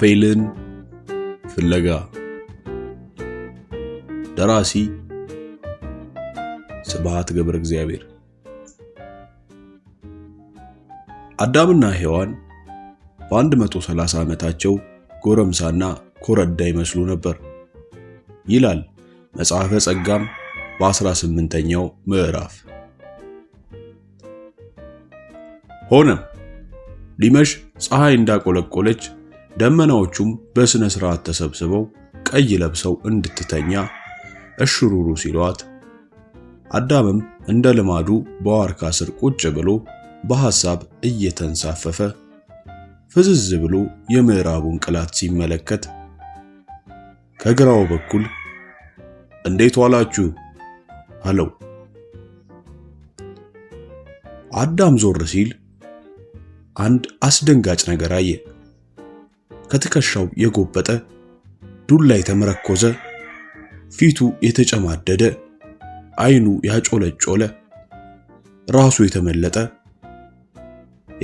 አቤልን ፍለጋ ደራሲ ስብሃት ገብረ እግዚአብሔር። አዳምና ሔዋን በ130 ዓመታቸው ጎረምሳና ኮረዳ ይመስሉ ነበር ይላል መጽሐፈ ጸጋም በ18ኛው ምዕራፍ። ሆነም ሊመሽ ፀሐይ እንዳቆለቆለች ደመናዎቹም በሥነ ሥርዓት ተሰብስበው ቀይ ለብሰው እንድትተኛ እሽሩሩ ሲሏት፣ አዳምም እንደ ልማዱ በዋርካ ስር ቁጭ ብሎ በሐሳብ እየተንሳፈፈ ፍዝዝ ብሎ የምዕራቡን ቅላት ሲመለከት ከግራው በኩል እንዴት ዋላችሁ አለው። አዳም ዞር ሲል አንድ አስደንጋጭ ነገር አየ። ከትከሻው የጎበጠ ዱላ የተመረኮዘ ፊቱ የተጨማደደ አይኑ ያጮለጮለ ራሱ የተመለጠ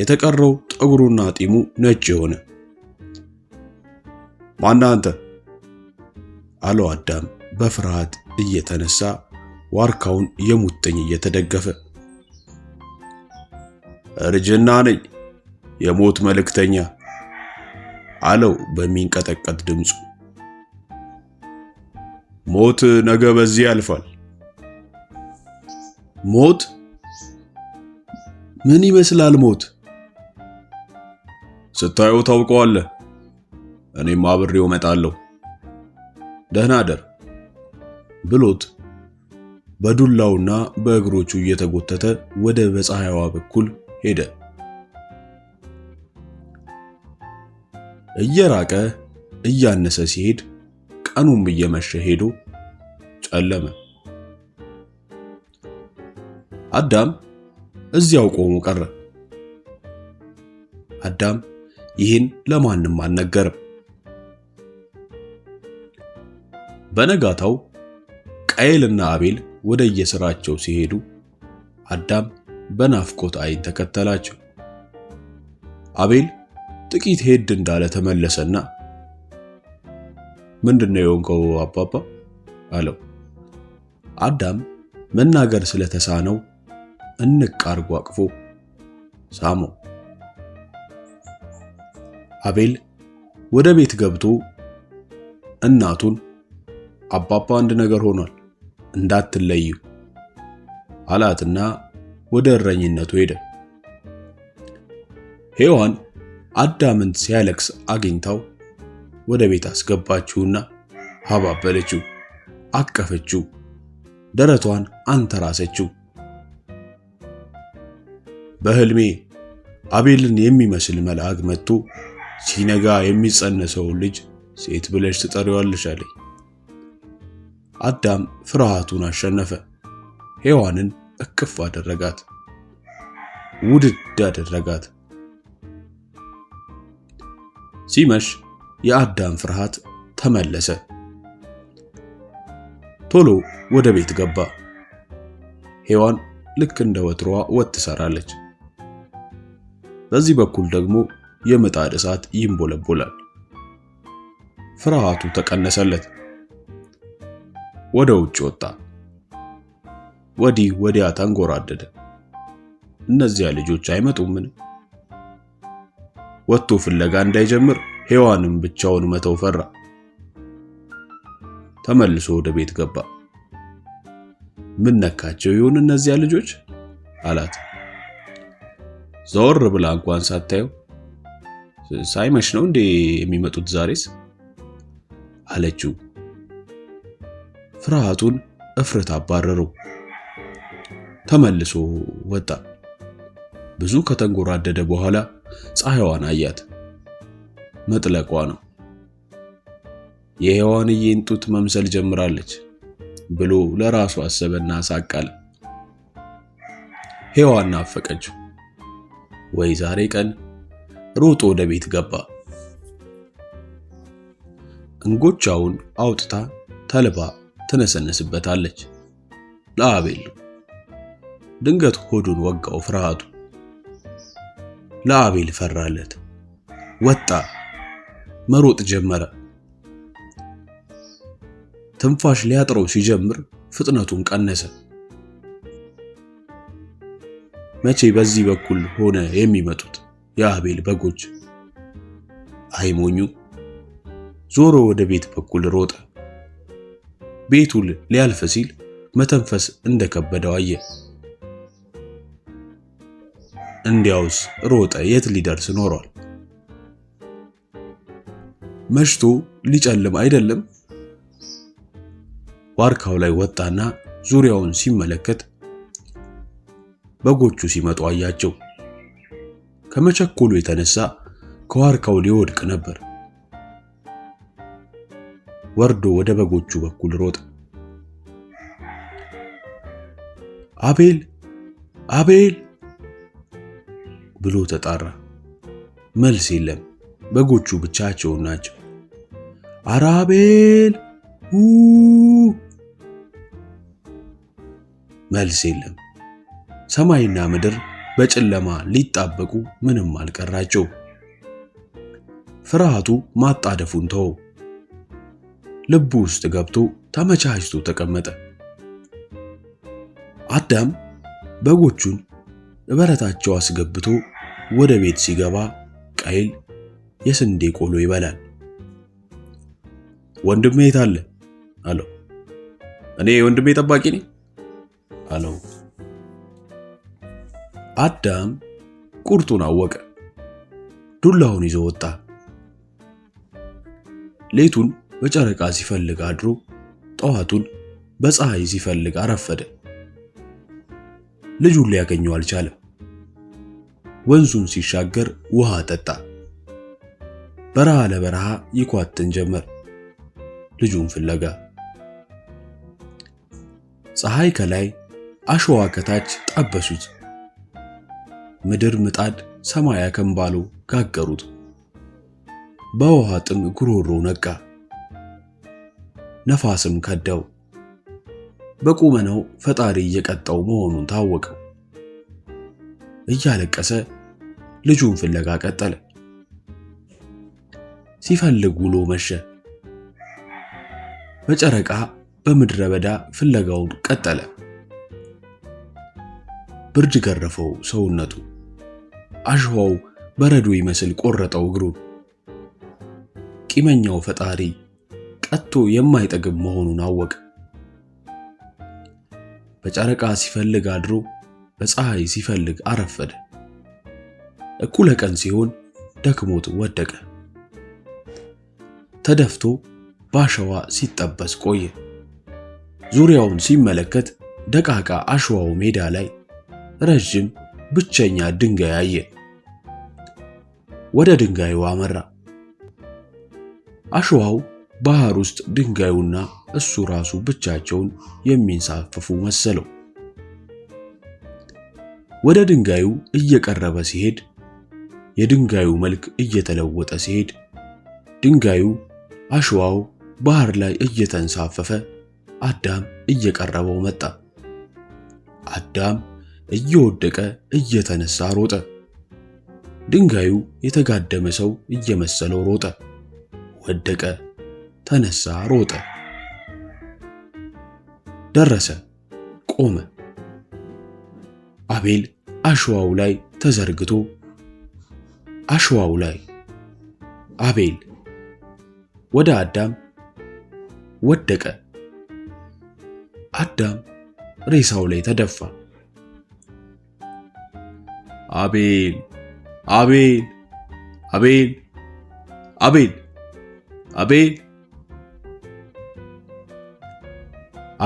የተቀረው ጠጉሩና ጢሙ ነጭ የሆነ ማናንተ አንተ አለው አዳም በፍርሃት እየተነሳ ዋርካውን የሙጥኝ እየተደገፈ እርጅና ነኝ የሞት መልእክተኛ አለው በሚንቀጠቀጥ ድምፁ። ሞት ነገ በዚህ ያልፋል። ሞት ምን ይመስላል? ሞት ስታየው ታውቀዋለህ። እኔም አብሬው እመጣለሁ። ደህና አደር ብሎት በዱላውና በእግሮቹ እየተጎተተ ወደ በፀሐይዋ በኩል ሄደ። እየራቀ እያነሰ ሲሄድ ቀኑም እየመሸ ሄዶ ጨለመ። አዳም እዚያው ቆሞ ቀረ። አዳም ይህን ለማንም አልነገርም። በነጋታው ቃየልና አቤል ወደ የሥራቸው ሲሄዱ አዳም በናፍቆት ዓይን ተከተላቸው። አቤል ጥቂት ሄድ እንዳለ ተመለሰና ምንድነው የሆንከው አባባ አለው። አዳም መናገር ስለተሳነው እንቅ አርጎ አቅፎ ሳመው። አቤል ወደ ቤት ገብቶ እናቱን አባባ አንድ ነገር ሆኗል እንዳትለዩ አላትና ወደ እረኝነቱ ሄደ። ሔዋን አዳምን ሲያለቅስ አግኝታው ወደ ቤት አስገባችውና ሀባበለችው፣ አቀፈችው፣ ደረቷን አንተራሰችው። በህልሜ አቤልን የሚመስል መልአክ መጥቶ ሲነጋ የሚጸነሰውን ልጅ ሴት ብለሽ ትጠሪዋለሽ አለኝ። አዳም ፍርሃቱን አሸነፈ። ሔዋንን እቅፍ አደረጋት፣ ውድድ አደረጋት። ሲመሽ የአዳም ፍርሃት ተመለሰ። ቶሎ ወደ ቤት ገባ። ሔዋን ልክ እንደ ወትሮዋ ወጥ ትሰራለች። በዚህ በኩል ደግሞ የምጣድ እሳት ይንቦለቦላል። ፍርሃቱ ተቀነሰለት። ወደ ውጭ ወጣ። ወዲህ ወዲያ ተንጎራደደ። እነዚያ ልጆች አይመጡምን? ወጥቶ ፍለጋ እንዳይጀምር ሔዋንም ብቻውን መተው ፈራ። ተመልሶ ወደ ቤት ገባ። ምን ነካቸው ይሆን እነዚያ ልጆች አላት። ዘወር ብላ እንኳን ሳታየው ሳይመሽ ነው እንዴ የሚመጡት ዛሬስ? አለችው። ፍርሃቱን እፍረት አባረረው። ተመልሶ ወጣ። ብዙ ከተንጎራደደ በኋላ ፀሐይዋን አያት። መጥለቋ ነው። የሔዋንዬን ጡት መምሰል ጀምራለች ብሎ ለራሱ አሰበና ሳቃለ። ሔዋን ናፈቀችው። ወይ ዛሬ ቀን ሮጦ ወደ ቤት ገባ። እንጎቻውን አውጥታ ተልባ ትነሰነስበታለች። ለአቤል ድንገት ሆዱን ወጋው ፍርሃቱ። ለአቤል ፈራለት። ወጣ፣ መሮጥ ጀመረ። ትንፋሽ ሊያጥረው ሲጀምር ፍጥነቱን ቀነሰ። መቼ በዚህ በኩል ሆነ የሚመጡት የአቤል በጎች? አይሞኙ ዞሮ ወደ ቤት በኩል ሮጠ። ቤቱን ሊያልፍ ሲል መተንፈስ እንደከበደው አየ። እንዲያውስ ሮጠ፣ የት ሊደርስ ኖሯል? መሽቶ ሊጨልም አይደለም? ዋርካው ላይ ወጣና ዙሪያውን ሲመለከት በጎቹ ሲመጡ አያቸው። ከመቸኮሉ የተነሳ ከዋርካው ሊወድቅ ነበር። ወርዶ ወደ በጎቹ በኩል ሮጠ። አቤል አቤል ብሎ ተጣራ። መልስ የለም። በጎቹ ብቻቸውን ናቸው። አራቤል ኡ መልስ የለም። ሰማይና ምድር በጨለማ ሊጣበቁ ምንም አልቀራቸው። ፍርሃቱ ማጣደፉን ተወው። ልቡ ውስጥ ገብቶ ተመቻችቶ ተቀመጠ። አዳም በጎቹን እበረታቸው አስገብቶ ወደ ቤት ሲገባ ቀይል የስንዴ ቆሎ ይበላል። ወንድሜ የት አለ አለው። እኔ ወንድሜ ጠባቂ ነኝ አለው። አዳም ቁርጡን አወቀ። ዱላውን ይዞ ወጣ። ሌቱን በጨረቃ ሲፈልግ አድሮ ጠዋቱን በፀሐይ ሲፈልግ አረፈደ። ልጁን ሊያገኘው አልቻለም። ወንዙን ሲሻገር ውሃ ጠጣ። በረሃ ለበረሃ ይኳትን ጀመር ልጁን ፍለጋ። ፀሐይ ከላይ አሸዋ ከታች ጣበሱት። ምድር ምጣድ ሰማያ ከንባሎ ጋገሩት። በውሃ ጥም ጉሮሮ ነቃ። ነፋስም ከደው! በቁመነው ፈጣሪ እየቀጣው መሆኑን ታወቀው። እያለቀሰ ልጁን ፍለጋ ቀጠለ። ሲፈልግ ውሎ መሸ። በጨረቃ በምድረ በዳ ፍለጋውን ቀጠለ። ብርድ ገረፈው ሰውነቱ፣ አሸዋው በረዶ ይመስል ቆረጠው እግሩን። ቂመኛው ፈጣሪ ቀጥቶ የማይጠግብ መሆኑን አወቀ። በጨረቃ ሲፈልግ አድሮ በፀሐይ ሲፈልግ አረፈደ። እኩለ ቀን ሲሆን ደክሞት ወደቀ። ተደፍቶ በአሸዋ ሲጠበስ ቆየ። ዙሪያውን ሲመለከት ደቃቃ አሸዋው ሜዳ ላይ ረዥም ብቸኛ ድንጋይ አየ። ወደ ድንጋዩ አመራ። አሸዋው ባህር ውስጥ ድንጋዩና እሱ ራሱ ብቻቸውን የሚንሳፈፉ መሰለው። ወደ ድንጋዩ እየቀረበ ሲሄድ የድንጋዩ መልክ እየተለወጠ ሲሄድ ድንጋዩ አሸዋው ባህር ላይ እየተንሳፈፈ አዳም እየቀረበው መጣ። አዳም እየወደቀ እየተነሳ ሮጠ። ድንጋዩ የተጋደመ ሰው እየመሰለው ሮጠ፣ ወደቀ፣ ተነሳ፣ ሮጠ፣ ደረሰ፣ ቆመ። አቤል አሸዋው ላይ ተዘርግቶ አሸዋው ላይ አቤል ወደ አዳም ወደቀ። አዳም ሬሳው ላይ ተደፋ። አቤል አቤል አቤል አቤል አቤል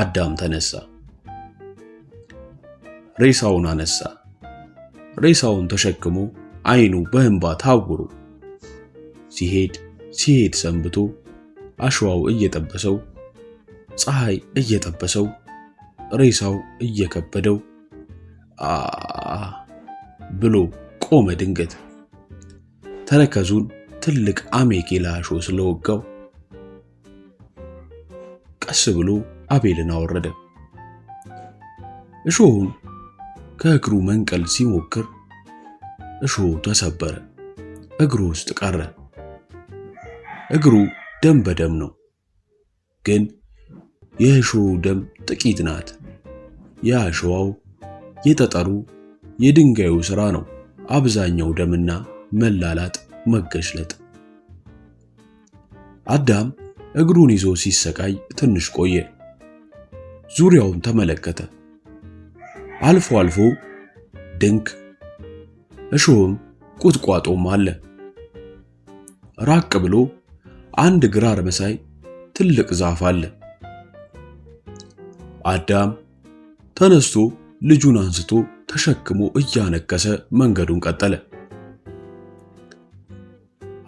አዳም ተነሳ። ሬሳውን አነሳ። ሬሳውን ተሸክሞ አይኑ በእንባ ታውሮ ሲሄድ ሲሄድ ሰንብቶ አሸዋው እየጠበሰው ፀሐይ እየጠበሰው ሬሳው እየከበደው አ ብሎ ቆመ ድንገት ተረከዙን ትልቅ አሜኬላ ሾ ስለወጋው ቀስ ብሎ አቤልን አወረደ። እሾሁን ከእግሩ መንቀል ሲሞክር እሾህ ተሰበረ፣ እግሩ ውስጥ ቀረ። እግሩ ደም በደም ነው፣ ግን የእሾሁ ደም ጥቂት ናት። የአሸዋው፣ የጠጠሩ፣ የድንጋዩ ሥራ ነው አብዛኛው ደምና መላላጥ፣ መገሽለጥ። አዳም እግሩን ይዞ ሲሰቃይ ትንሽ ቆየ። ዙሪያውን ተመለከተ። አልፎ አልፎ ድንክ እሾህም ቁጥቋጦም አለ። ራቅ ብሎ አንድ ግራር መሳይ ትልቅ ዛፍ አለ። አዳም ተነስቶ ልጁን አንስቶ ተሸክሞ እያነከሰ መንገዱን ቀጠለ።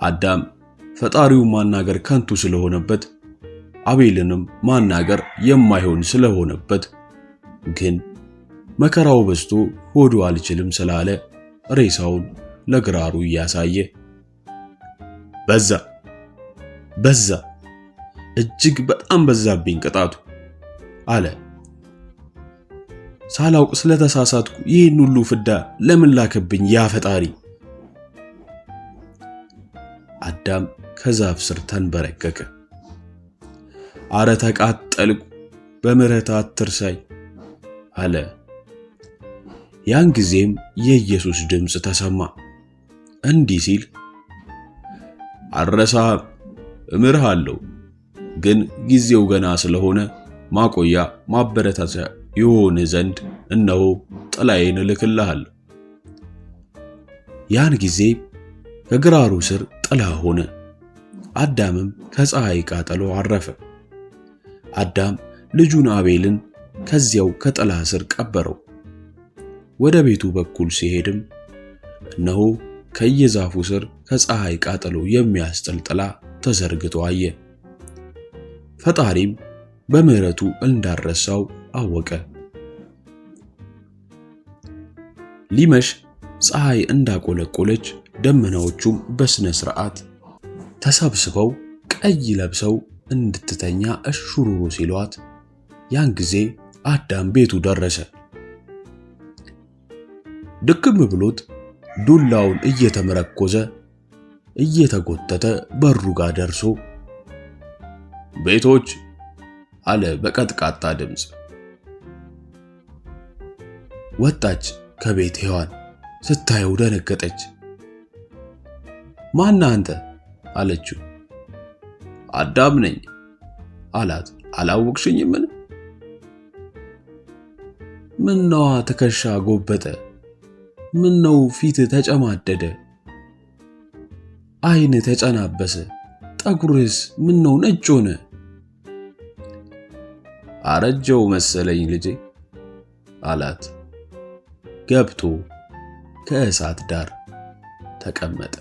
አዳም ፈጣሪውን ማናገር ከንቱ ስለሆነበት አቤልንም ማናገር የማይሆን ስለሆነበት ግን መከራው በዝቶ ሆዱ አልችልም ስላለ ሬሳውን ለግራሩ እያሳየ በዛ በዛ እጅግ በጣም በዛብኝ ቅጣቱ አለ። ሳላውቅ ስለተሳሳትኩ ይህን ሁሉ ፍዳ ለምን ላከብኝ ያ ፈጣሪ? አዳም ከዛፍ ስር ተንበረከከ። አረ ተቃጠልኩ በምሕረት አትርሳይ አለ። ያን ጊዜም የኢየሱስ ድምፅ ተሰማ እንዲህ ሲል፣ አልረሳህም፣ እምርሃለሁ። ግን ጊዜው ገና ስለሆነ ማቆያ ማበረታቻ ይሆን ዘንድ እነሆ ጥላዬን እልክልሃለሁ። ያን ጊዜ ከግራሩ ስር ጥላ ሆነ። አዳምም ከፀሐይ ቃጠሎ አረፈ። አዳም ልጁን አቤልን ከዚያው ከጥላ ስር ቀበረው። ወደ ቤቱ በኩል ሲሄድም እነሆ ከየዛፉ ስር ከፀሐይ ቃጠሎ የሚያስጥል ጥላ ተዘርግቶ አየ። ፈጣሪም በምሕረቱ እንዳረሳው አወቀ። ሊመሽ ፀሐይ እንዳቆለቆለች ደመናዎቹም በስነ ስርዓት ተሰብስበው ቀይ ለብሰው እንድትተኛ እሹሩሩ ሲሏት ያን ጊዜ አዳም ቤቱ ደረሰ። ድክም ብሎት ዱላውን እየተመረኮዘ እየተጎተተ በሩ ጋር ደርሶ ቤቶች አለ በቀጥቃጣ ድምፅ። ወጣች ከቤት ሔዋን ስታየው ደነገጠች። ማን አንተ አለችው። አዳም ነኝ አላት። አላወቅሽኝምን? ምነዋ ትከሻ ጎበጠ ነው ፊት ተጨማደደ? አይን ተጨናበሰ? ጠጉርስ ምነው ነጭ ሆነ? አረጀው መሰለኝ ልጄ አላት። ገብቶ ከእሳት ዳር ተቀመጠ።